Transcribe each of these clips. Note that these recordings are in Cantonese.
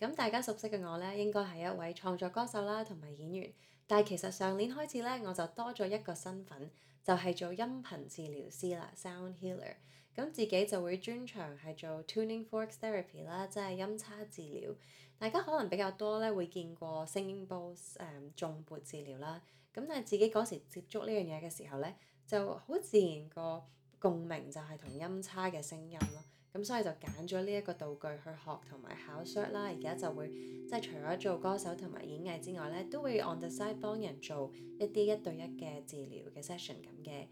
咁大家熟悉嘅我呢，應該係一位創作歌手啦，同埋演員。但係其實上年開始呢，我就多咗一個身份，就係做音頻治療師啦 （sound healer）。咁自己就會專長係做 tuning forks therapy 啦，即係音叉治療。大家可能比較多呢會見過聲音波誒頌缽治療啦。咁但係自己嗰時接觸呢樣嘢嘅時候呢，就好自然個共鳴就係同音叉嘅聲音咯。咁所以就揀咗呢一個道具去學同埋考 cert 啦。而家就會即係除咗做歌手同埋演藝之外咧，都會 on the side 幫人做一啲一對一嘅治療嘅 session 咁嘅。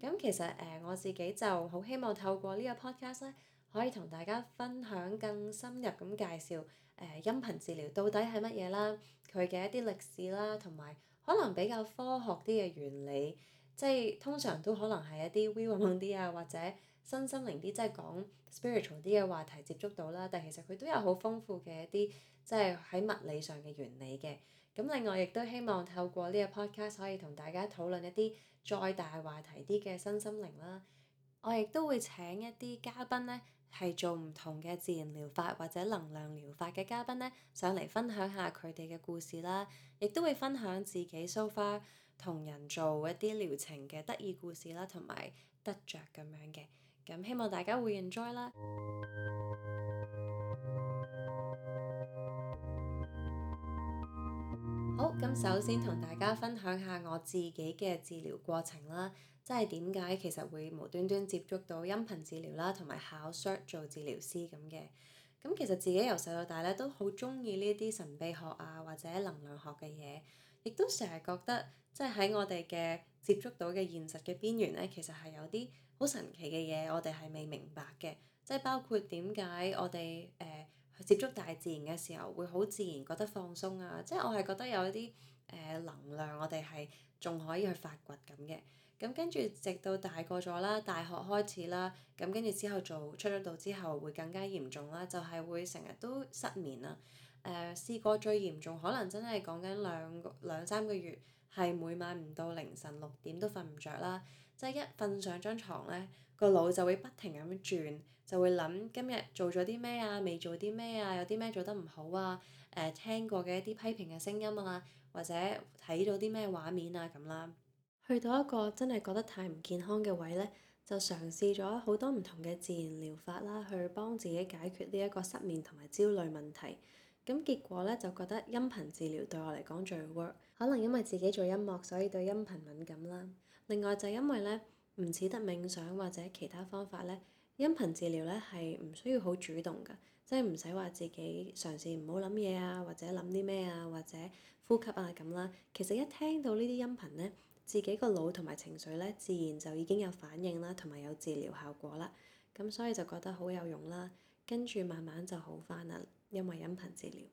咁其實誒我自己就好希望透過呢個 podcast 咧，可以同大家分享更深入咁介紹誒音頻治療到底係乜嘢啦，佢嘅一啲歷史啦，同埋可能比較科學啲嘅原理，即係通常都可能係一啲 weird 啲啊或者。身心靈啲即係講 spiritual 啲嘅話題接觸到啦，但其實佢都有好豐富嘅一啲即係喺物理上嘅原理嘅。咁另外亦都希望透過呢個 podcast 可以同大家討論一啲再大話題啲嘅身心靈啦。我亦都會請一啲嘉賓呢，係做唔同嘅自然療法或者能量療法嘅嘉賓呢，上嚟分享下佢哋嘅故事啦，亦都會分享自己 so far 同人做一啲療程嘅得意故事啦，同埋得着咁樣嘅。咁希望大家會 enjoy 啦。好，咁首先同大家分享下我自己嘅治療過程啦，即係點解其實會無端端接觸到音頻治療啦，同埋考 cert 做治療師咁嘅。咁其實自己由細到大咧都好中意呢啲神秘學啊或者能量學嘅嘢。亦都成日覺得，即係喺我哋嘅接觸到嘅現實嘅邊緣呢，其實係有啲好神奇嘅嘢，我哋係未明白嘅。即係包括點解我哋誒、呃、接觸大自然嘅時候會好自然覺得放鬆啊！即係我係覺得有一啲誒、呃、能量，我哋係仲可以去發掘咁嘅。咁跟住直到大個咗啦，大學開始啦，咁跟住之後做出咗道之後，會更加嚴重啦，就係、是、會成日都失眠啦。誒試、呃、過最嚴重，可能真係講緊兩個兩三個月，係每晚唔到凌晨六點都瞓唔着啦。即係一瞓上張床呢，咧，個腦就會不停咁樣轉，就會諗今日做咗啲咩啊，未做啲咩啊，有啲咩做得唔好啊，誒、呃、聽過嘅一啲批評嘅聲音啊，或者睇到啲咩畫面啊咁啦。去到一個真係覺得太唔健康嘅位咧，就嘗試咗好多唔同嘅自然療法啦，去幫自己解決呢一個失眠同埋焦慮問題。咁結果咧就覺得音頻治療對我嚟講最 work，可能因為自己做音樂，所以對音頻敏感啦。另外就因為咧唔似得冥想或者其他方法咧，音頻治療咧係唔需要好主動㗎，即係唔使話自己嘗試唔好諗嘢啊，或者諗啲咩啊，或者呼吸啊咁啦。其實一聽到呢啲音頻咧，自己個腦同埋情緒咧自然就已經有反應啦，同埋有治療效果啦。咁所以就覺得好有用啦，跟住慢慢就好返啦。因為音頻治療，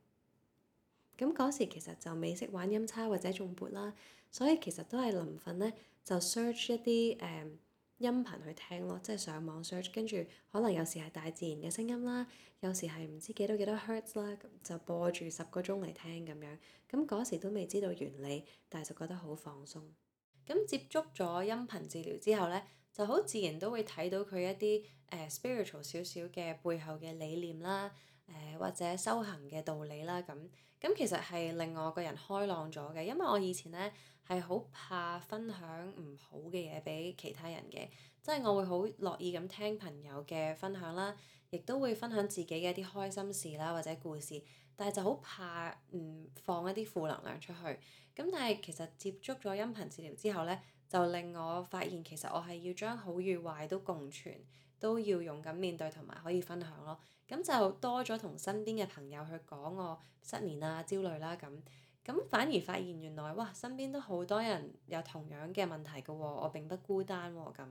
咁嗰時其實就未識玩音叉或者頌鉢啦，所以其實都係臨瞓咧就 search 一啲誒、嗯、音頻去聽咯，即係上網 search，跟住可能有時係大自然嘅聲音啦，有時係唔知幾多幾多 hertz 啦，咁就播住十個鐘嚟聽咁樣，咁嗰時都未知道原理，但係就覺得好放鬆。咁接觸咗音頻治療之後咧，就好自然都會睇到佢一啲誒、呃、spiritual 少少嘅背後嘅理念啦。或者修行嘅道理啦，咁咁其實係令我個人開朗咗嘅，因為我以前呢，係好怕分享唔好嘅嘢俾其他人嘅，即係我會好樂意咁聽朋友嘅分享啦，亦都會分享自己嘅一啲開心事啦或者故事，但係就好怕唔放一啲負能量出去，咁但係其實接觸咗音頻治療之後呢，就令我發現其實我係要將好與壞都共存，都要勇敢面對同埋可以分享咯。咁就多咗同身邊嘅朋友去講我失眠啊、焦慮啦，咁咁反而發現原來哇，身邊都好多人有同樣嘅問題㗎喎，哦，我並不孤單喎，哦，咁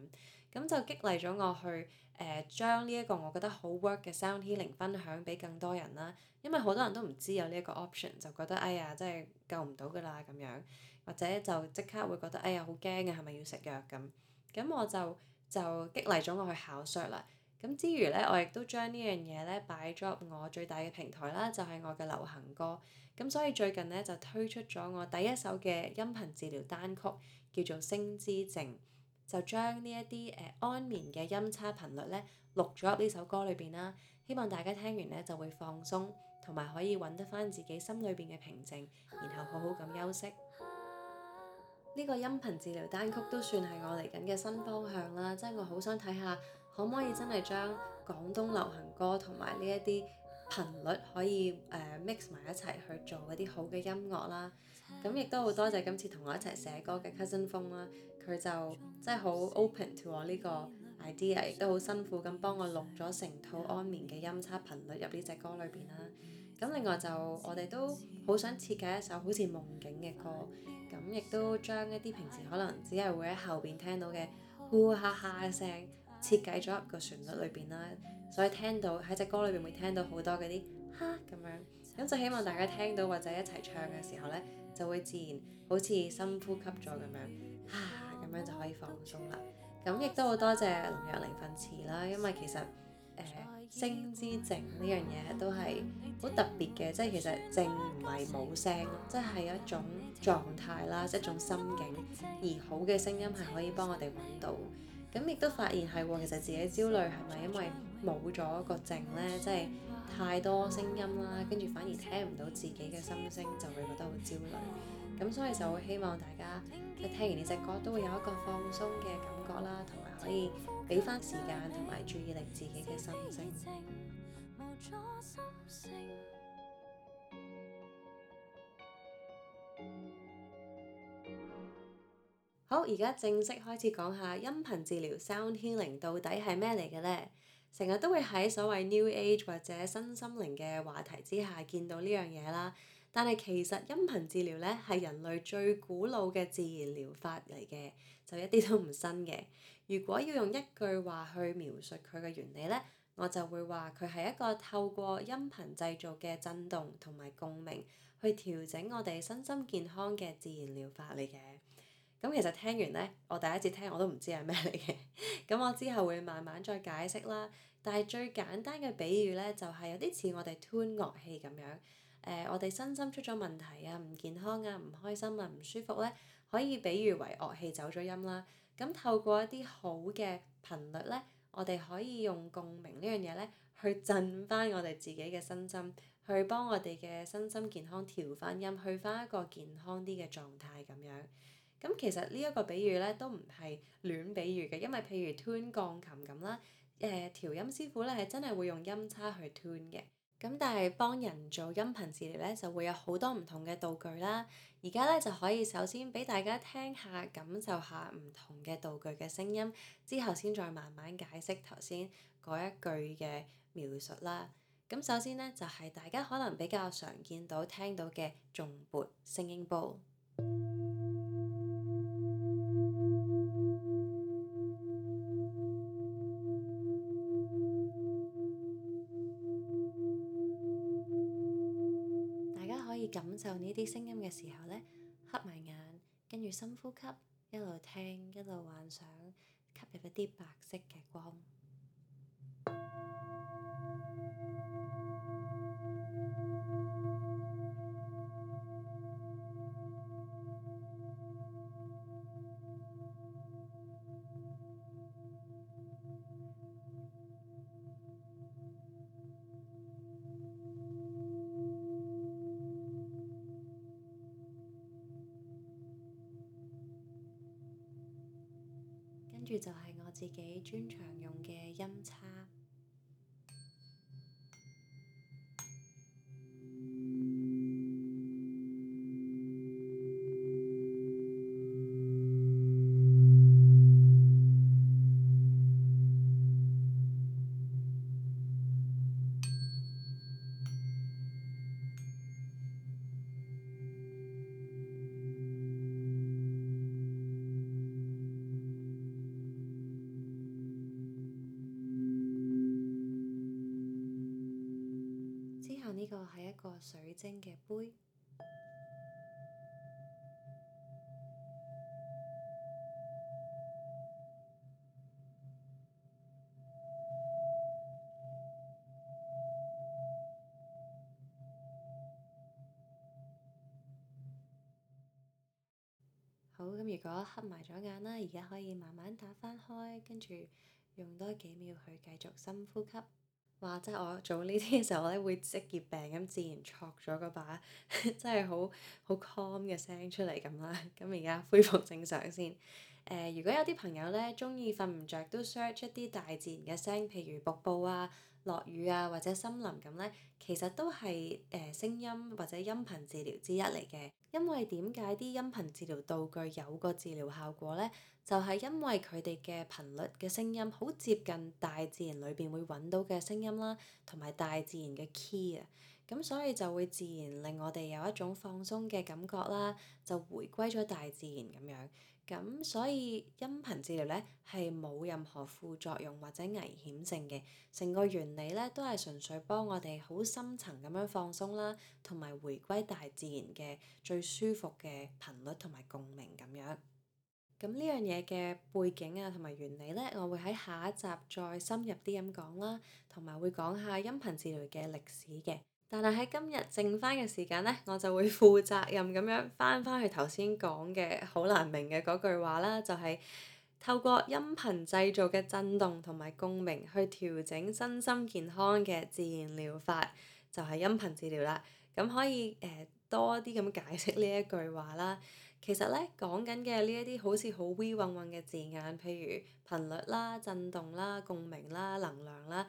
咁就激勵咗我去誒將呢一個我覺得好 work 嘅 sound healing 分享俾更多人啦，因為好多人都唔知有呢一個 option，就覺得哎呀真係救唔到㗎啦咁樣，或者就即刻會覺得哎呀好驚呀係咪要食藥咁，咁我就就激勵咗我去考 cert 啦。咁之餘呢，我亦都將呢樣嘢呢擺咗入我最大嘅平台啦，就係、是、我嘅流行歌。咁所以最近呢，就推出咗我第一首嘅音頻治療單曲，叫做《聲之靜》，就將呢一啲誒安眠嘅音差頻率呢錄咗入呢首歌裏邊啦。希望大家聽完呢就會放鬆，同埋可以揾得翻自己心裏邊嘅平靜，然後好好咁休息。呢 個音頻治療單曲都算係我嚟緊嘅新方向啦，即係我好想睇下。可唔可以真係將廣東流行歌同埋呢一啲頻率可以誒、uh, mix 埋一齊去做嗰啲好嘅音樂啦？咁亦、嗯、都好多謝今次同我一齊寫歌嘅 Cousin 峰啦、啊，佢就真係好 open to 我呢個 idea，亦都好辛苦咁幫我錄咗成套安眠嘅音叉頻率入呢隻歌裏邊啦。咁、啊、另外就我哋都好想設計一首好似夢境嘅歌，咁亦都將一啲平時可能只係會喺後邊聽到嘅呼哈哈嘅聲。設計咗個旋律裏邊啦，所以聽到喺隻歌裏邊會聽到好多嗰啲哈咁樣，咁就希望大家聽到或者一齊唱嘅時候呢，就會自然好似深呼吸咗咁樣，啊，咁樣就可以放鬆啦。咁亦都好多謝林若寧填詞啦，因為其實誒、呃、聲之靜呢樣嘢都係好特別嘅，即係其實靜唔係冇聲，即係有一種狀態啦，即係一種心境，而好嘅聲音係可以幫我哋揾到。咁亦都發現係喎，其實自己焦慮係咪因為冇咗個靜呢？即係太多聲音啦，跟住反而聽唔到自己嘅心聲，就會覺得好焦慮。咁所以就會希望大家即係聽完呢隻歌，都會有一個放鬆嘅感覺啦，同埋可以俾翻時間同埋注意力自己嘅心聲。好，而家正式開始講下音頻治療 Sound Healing 到底係咩嚟嘅呢？成日都會喺所謂 New Age 或者新心靈嘅話題之下見到呢樣嘢啦。但係其實音頻治療咧係人類最古老嘅自然療法嚟嘅，就一啲都唔新嘅。如果要用一句話去描述佢嘅原理咧，我就會話佢係一個透過音頻製造嘅震動同埋共鳴去調整我哋身心健康嘅自然療法嚟嘅。咁其實聽完咧，我第一次聽我都唔知係咩嚟嘅。咁 我之後會慢慢再解釋啦。但係最簡單嘅比喻咧，就係有啲似我哋吞樂器咁樣。誒、呃，我哋身心出咗問題啊，唔健康啊，唔開心啊，唔舒服咧，可以比喻為樂器走咗音啦。咁透過一啲好嘅頻率咧，我哋可以用共鳴呢樣嘢咧，去震翻我哋自己嘅身心，去幫我哋嘅身心健康調翻音，去翻一個健康啲嘅狀態咁樣。咁其實呢一個比喻呢都唔係亂比喻嘅，因為譬如 tune 鋼琴咁啦，誒、呃、調音師傅呢係真係會用音叉去 tune 嘅。咁但係幫人做音頻治療呢，就會有好多唔同嘅道具啦。而家呢，就可以首先俾大家聽下感受下唔同嘅道具嘅聲音，之後先再慢慢解釋頭先嗰一句嘅描述啦。咁首先呢，就係、是、大家可能比較常見到聽到嘅頌鉢聲音波。感受呢啲聲音嘅時候咧，瞌埋眼，跟住深呼吸，一路聽，一路幻想，吸入一啲白色嘅光。跟住就係我自己專長用嘅音叉。水晶嘅杯好，好咁，如果瞌埋咗眼啦，而家可以慢慢打翻開，跟住用多幾秒去繼續深呼吸。話即係我做呢啲嘅時候呢，會職業病咁，自然錯咗嗰把，呵呵，真係好好 calm 嘅聲出嚟咁啦。咁而家恢復正常先。誒、呃，如果有啲朋友呢，中意瞓唔著都 search 一啲大自然嘅聲，譬如瀑布啊、落雨啊或者森林咁咧，其實都係誒、呃、聲音或者音頻治療之一嚟嘅。因為點解啲音頻治療道具有個治療效果咧？就係因為佢哋嘅頻率嘅聲音好接近大自然裏邊會揾到嘅聲音啦，同埋大自然嘅 key 啊，咁所以就會自然令我哋有一種放鬆嘅感覺啦，就回歸咗大自然咁樣。咁所以音頻治療呢係冇任何副作用或者危險性嘅，成個原理呢都係純粹幫我哋好深層咁樣放鬆啦，同埋回歸大自然嘅最舒服嘅頻率同埋共鳴咁樣。咁呢樣嘢嘅背景啊同埋原理呢，我會喺下一集再深入啲咁講啦，同埋會講下音頻治療嘅歷史嘅。但係喺今日剩翻嘅時間呢，我就會負責任咁樣翻翻去頭先講嘅好難明嘅嗰句話啦，就係、是、透過音頻製造嘅震動同埋共鳴去調整身心健康嘅自然療法，就係、是、音頻治療啦。咁可以誒、呃、多啲咁解釋呢一句話啦。其實呢，講緊嘅呢一啲好似好 we 混混嘅字眼，譬如頻率啦、震動啦、共鳴啦、能量啦。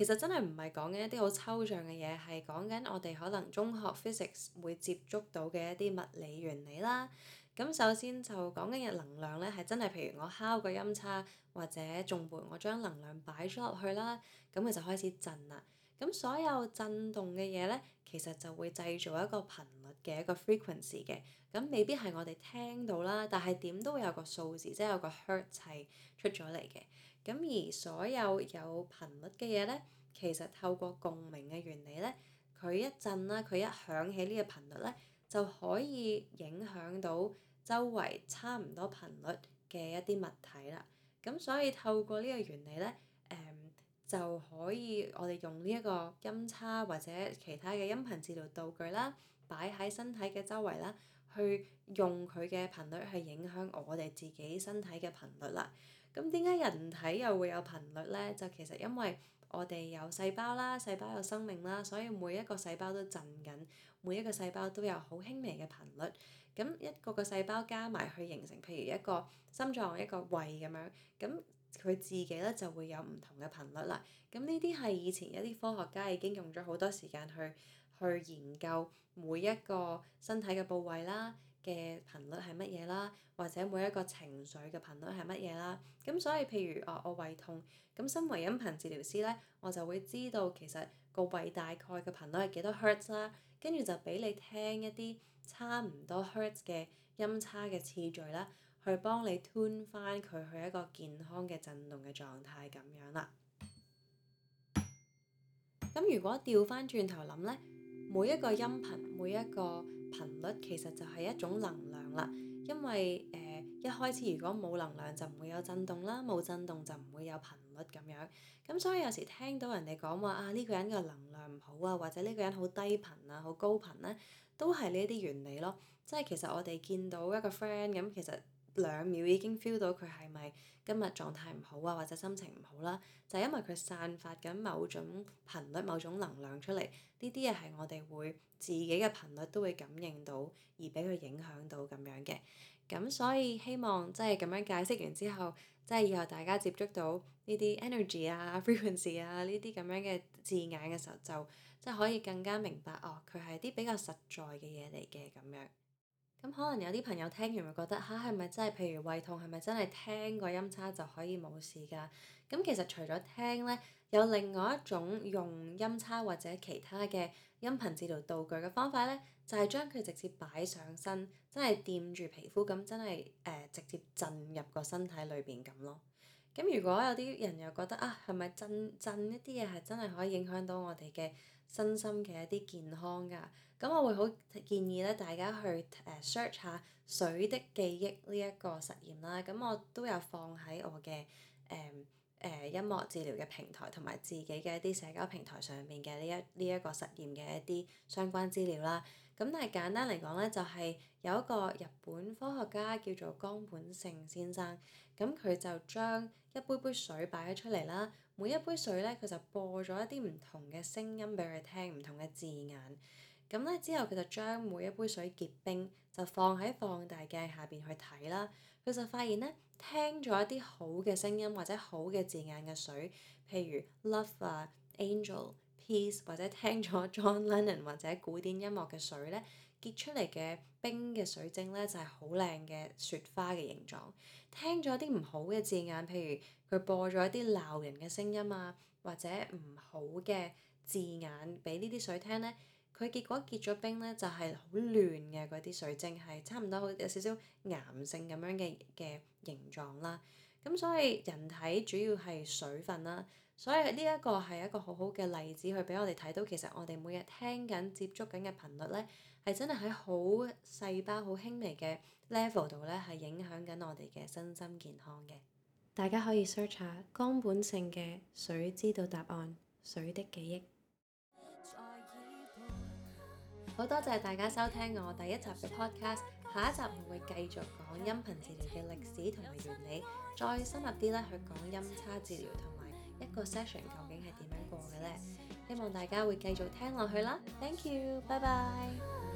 其實真係唔係講緊一啲好抽象嘅嘢，係講緊我哋可能中學 physics 會接觸到嘅一啲物理原理啦。咁首先就講緊嘅能量呢，係真係譬如我敲個音叉或者頌鉢，我將能量擺咗落去啦，咁佢就開始震啦。咁所有震動嘅嘢呢，其實就會製造一個頻率嘅一個 frequency 嘅。咁未必係我哋聽到啦，但係點都會有個數字，即係有個 hertz 係出咗嚟嘅。咁而所有有頻率嘅嘢咧，其實透過共鳴嘅原理咧，佢一震啦，佢一響起呢個頻率咧，就可以影響到周圍差唔多頻率嘅一啲物體啦。咁所以透過呢個原理咧，誒、嗯、就可以我哋用呢一個音叉或者其他嘅音頻治療道具啦，擺喺身體嘅周圍啦，去用佢嘅頻率去影響我哋自己身體嘅頻率啦。咁點解人體又會有頻率呢？就其實因為我哋有細胞啦，細胞有生命啦，所以每一個細胞都震緊，每一個細胞都有好輕微嘅頻率。咁一個個細胞加埋去形成，譬如一個心臟、一個胃咁樣，咁佢自己咧就會有唔同嘅頻率啦。咁呢啲係以前一啲科學家已經用咗好多時間去去研究每一個身體嘅部位啦，嘅頻率係乜嘢啦，或者每一個情緒嘅頻率係乜嘢啦，咁所以譬如哦，我胃痛，咁身為音頻治療師呢，我就會知道其實個胃大概嘅頻率係幾多 hertz 啦，跟住就俾你聽一啲差唔多 hertz 嘅音差嘅次序啦，去幫你 tune 翻佢去一個健康嘅震動嘅狀態咁樣啦。咁如果調翻轉頭諗呢，每一個音頻，每一個頻率其實就係一種能量啦，因為誒、呃、一開始如果冇能量就唔會有震動啦，冇震動就唔會有頻率咁樣，咁所以有時聽到人哋講話啊，呢個人嘅能量唔好啊，或者呢個人好低頻啊，好高頻咧，都係呢啲原理咯，即係其實我哋見到一個 friend 咁其實。兩秒已經 feel 到佢係咪今日狀態唔好啊，或者心情唔好啦，就係因為佢散發緊某種頻率、某種能量出嚟，呢啲嘢係我哋會自己嘅頻率都會感應到，而俾佢影響到咁樣嘅。咁所以希望即係咁樣解釋完之後，即係以後大家接觸到呢啲 energy 啊、frequency 啊呢啲咁樣嘅字眼嘅時候，就即係可以更加明白哦，佢係啲比較實在嘅嘢嚟嘅咁樣。咁可能有啲朋友聽完會覺得吓，係、啊、咪真係，譬如胃痛係咪真係聽個音叉就可以冇事㗎？咁其實除咗聽呢，有另外一種用音叉或者其他嘅音頻治療道具嘅方法呢，就係將佢直接擺上身，真係掂住皮膚咁，真係誒、呃、直接震入個身體裏邊咁咯。咁如果有啲人又覺得啊，係咪震震一啲嘢係真係可以影響到我哋嘅？身心嘅一啲健康㗎，咁我會好建議咧，大家去誒 search 下水的記憶呢一個實驗啦。咁我都有放喺我嘅誒誒音樂治療嘅平台同埋自己嘅一啲社交平台上面嘅呢一呢一個實驗嘅一啲相關資料啦。咁但係簡單嚟講咧，就係有一個日本科學家叫做江本勝先生，咁佢就將一杯杯水擺咗出嚟啦。每一杯水咧，佢就播咗一啲唔同嘅聲音俾佢聽，唔同嘅字眼。咁咧之後，佢就將每一杯水結冰，就放喺放大鏡下邊去睇啦。佢就發現咧，聽咗一啲好嘅聲音或者好嘅字眼嘅水，譬如 love 啊、over, angel、peace，或者聽咗 John Lennon 或者古典音樂嘅水咧，結出嚟嘅冰嘅水晶咧就係好靚嘅雪花嘅形狀。聽咗一啲唔好嘅字眼，譬如～佢播咗一啲鬧人嘅聲音啊，或者唔好嘅字眼俾呢啲水聽呢。佢結果結咗冰呢，就係好亂嘅嗰啲水晶，係差唔多有少少癌性咁樣嘅嘅形狀啦。咁所以人體主要係水分啦，所以呢一個係一個好好嘅例子去俾我哋睇到，其實我哋每日聽緊接觸緊嘅頻率呢，係真係喺好細胞好輕微嘅 level 度呢，係影響緊我哋嘅身心健康嘅。大家可以 search 下「江本勝」嘅《水知道答案》，水的記憶。好多謝大家收聽我第一集嘅 podcast，下一集我會繼續講音頻治療嘅歷史同埋原理，再深入啲咧去講音叉治療同埋一個 session 究竟係點樣過嘅咧。希望大家會繼續聽落去啦，Thank you，拜拜。